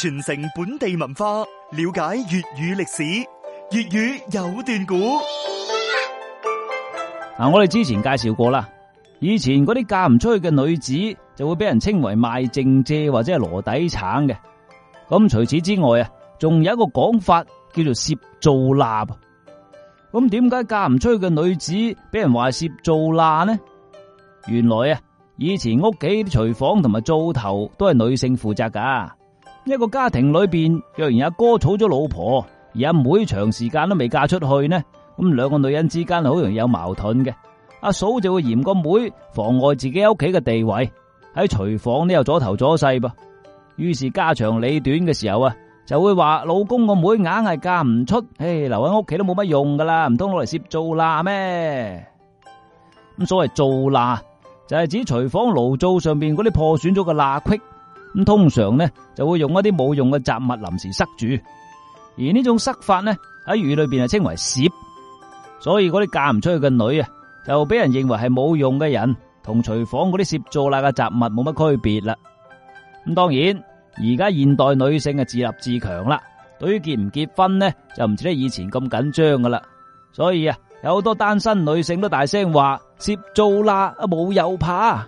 傳承本地文化，了解粵語歷史，粵語有段古。嗱、 啊，我哋之前介紹過啦，以前嗰啲嫁唔出去嘅女子就會俾人稱為賣剩蔗或者係籮底橙嘅。咁除此之外啊，仲有一個講法叫做攝灶罅。咁點解嫁唔出去嘅女子俾人話攝灶罅呢？原來啊，以前屋企啲廚房同埋灶頭都係女性負責㗎。一個家庭裏邊，若然阿哥，哥娶咗老婆，而阿妹長時間都未嫁出去呢，咁兩個女人之間好容易有矛盾嘅。阿嫂就會嫌個妹妨礙自己屋企嘅地位，喺廚房呢又阻頭阻勢噃。於是家長里短嘅時候啊，就會話老公個妹硬係嫁唔出，唉、哎，留喺屋企都冇乜用噶啦，唔通攞嚟攝灶罅咩？咁所謂灶罅就係、是、指廚房爐灶上邊嗰啲破損咗嘅罅隙。咁通常咧，就會用一啲冇用嘅雜物臨時塞住，而呢種塞法咧喺語裏邊係稱為攝，所以嗰啲嫁唔出去嘅女啊，就俾人認為係冇用嘅人，同廚房嗰啲攝灶罅嘅雜物冇乜區別啦。咁當然，而家現代女性啊自立自強啦，對於結唔結婚呢，就唔似咧以前咁緊張噶啦，所以啊有好多單身女性都大聲話攝灶罅啊，冇有，有怕。